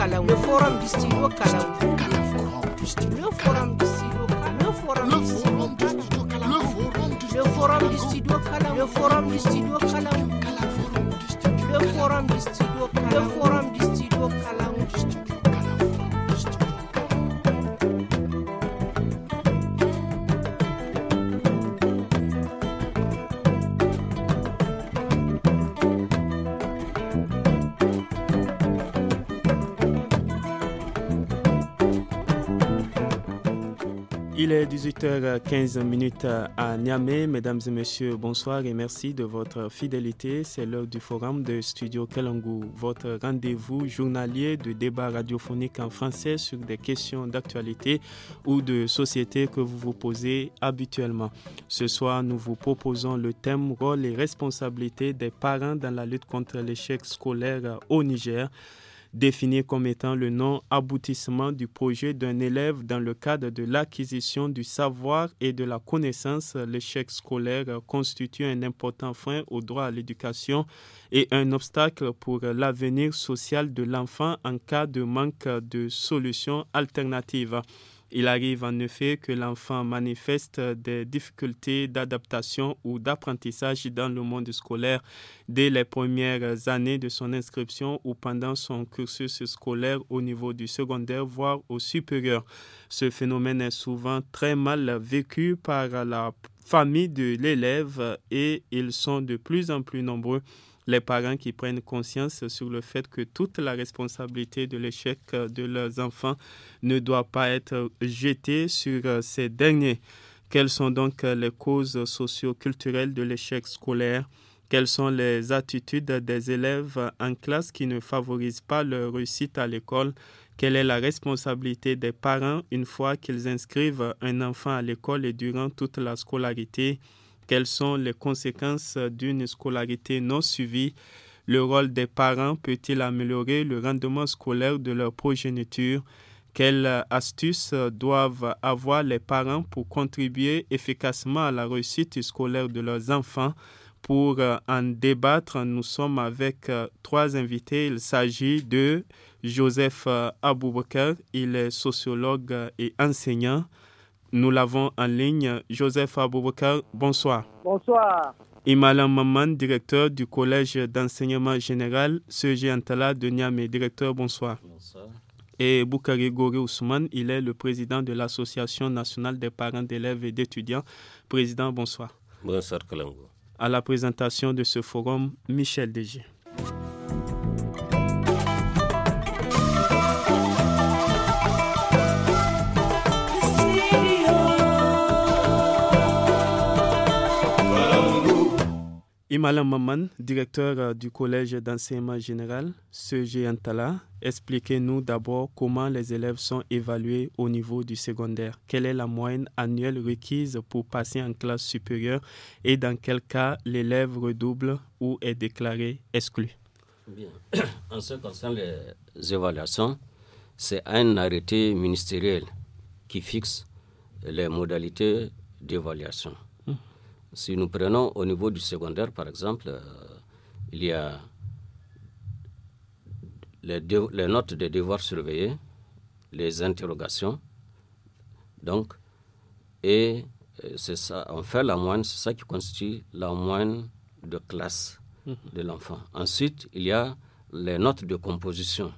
kalau le forum du studio kalau le forum du studio le forum du studio le forum du studio le forum du studio le forum du studio le forum du studio le forum du studio le forum Il est 18h15 à Niamey. Mesdames et messieurs, bonsoir et merci de votre fidélité. C'est l'heure du forum de Studio Kalangu, votre rendez-vous journalier de débat radiophonique en français sur des questions d'actualité ou de société que vous vous posez habituellement. Ce soir, nous vous proposons le thème rôle et responsabilité des parents dans la lutte contre l'échec scolaire au Niger défini comme étant le non-aboutissement du projet d'un élève dans le cadre de l'acquisition du savoir et de la connaissance. L'échec scolaire constitue un important frein au droit à l'éducation et un obstacle pour l'avenir social de l'enfant en cas de manque de solutions alternatives. Il arrive en effet que l'enfant manifeste des difficultés d'adaptation ou d'apprentissage dans le monde scolaire dès les premières années de son inscription ou pendant son cursus scolaire au niveau du secondaire, voire au supérieur. Ce phénomène est souvent très mal vécu par la famille de l'élève et ils sont de plus en plus nombreux les parents qui prennent conscience sur le fait que toute la responsabilité de l'échec euh, de leurs enfants ne doit pas être jetée sur euh, ces derniers. Quelles sont donc euh, les causes socio-culturelles de l'échec scolaire Quelles sont les attitudes des élèves en classe qui ne favorisent pas leur réussite à l'école Quelle est la responsabilité des parents une fois qu'ils inscrivent un enfant à l'école et durant toute la scolarité quelles sont les conséquences d'une scolarité non suivie Le rôle des parents peut-il améliorer le rendement scolaire de leur progéniture Quelles astuces doivent avoir les parents pour contribuer efficacement à la réussite scolaire de leurs enfants pour euh, en débattre, nous sommes avec euh, trois invités. Il s'agit de Joseph euh, Aboubakar, il est sociologue et enseignant. Nous l'avons en ligne. Joseph Aboubakar, bonsoir. Bonsoir. Imalam Maman, directeur du Collège d'enseignement général, Serge Antala de Niamey. Directeur, bonsoir. Bonsoir. Et Boukari Gori Ousmane, il est le président de l'Association nationale des parents d'élèves et d'étudiants. Président, bonsoir. Bonsoir, Kalango. À la présentation de ce forum, Michel Dégé. Imalam Maman, directeur euh, du Collège d'enseignement général, ce Antala, expliquez-nous d'abord comment les élèves sont évalués au niveau du secondaire. Quelle est la moyenne annuelle requise pour passer en classe supérieure et dans quel cas l'élève redouble ou est déclaré exclu En ce qui concerne les évaluations, c'est un arrêté ministériel qui fixe les modalités d'évaluation. Si nous prenons au niveau du secondaire, par exemple, euh, il y a les, notes de devoirs surveillés, les interrogations, donc, et euh, c'est ça, on fait la moyenne, c'est ça qui constitue la moine de classe mhm. de l'enfant. Ensuite, il y a les notes de composition.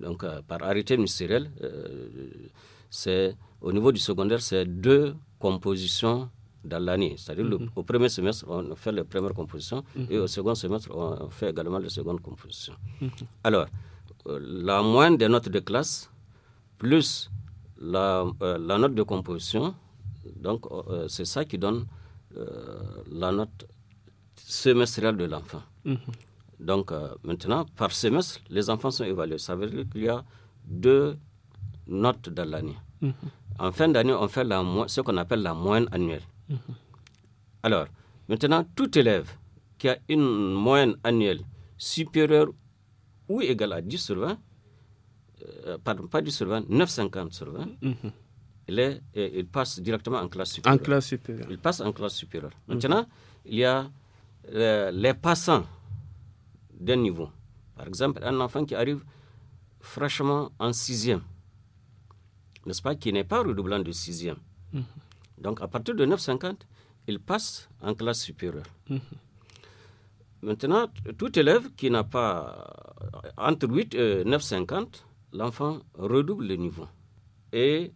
Donc, euh, par arrêté ministériel, c'est au niveau du secondaire, c'est deux compositions dans l'année. C'est-à-dire mm-hmm. au premier semestre, on fait les premières compositions et au mm-hmm. second semestre, on fait également les secondes compositions. Mm-hmm. Alors, euh, la moyenne des notes de classe plus la, euh, note de composition, donc euh, c'est ça qui donne la note semestrielle de l'enfant. Donc maintenant, par semestre, les enfants sont évalués. Ça veut dire qu'il y a deux notes dans l'année. En fin d'année, on fait la, ce qu'on appelle la moyenne annuelle. Mhm. Alors, maintenant, tout élève qui a une moyenne annuelle supérieure ou égale à 10 sur 20, euh, pardon, pas 10 sur 20, 9,50 sur 20, mhm. il, passe directement en classe supérieure. En classe supérieure. Il passe en classe supérieure. Mhm. Maintenant, il y a euh, les passants d'un niveau. Par exemple, un enfant qui arrive fraîchement en sixième, n'est-ce pas, qui n'est pas redoublant de sixième, donc à partir de 950, il passe en classe supérieure. Mhm. Maintenant, tout élève qui n'a pas euh, entre 8 et 9,50, l'enfant redouble le niveau. Et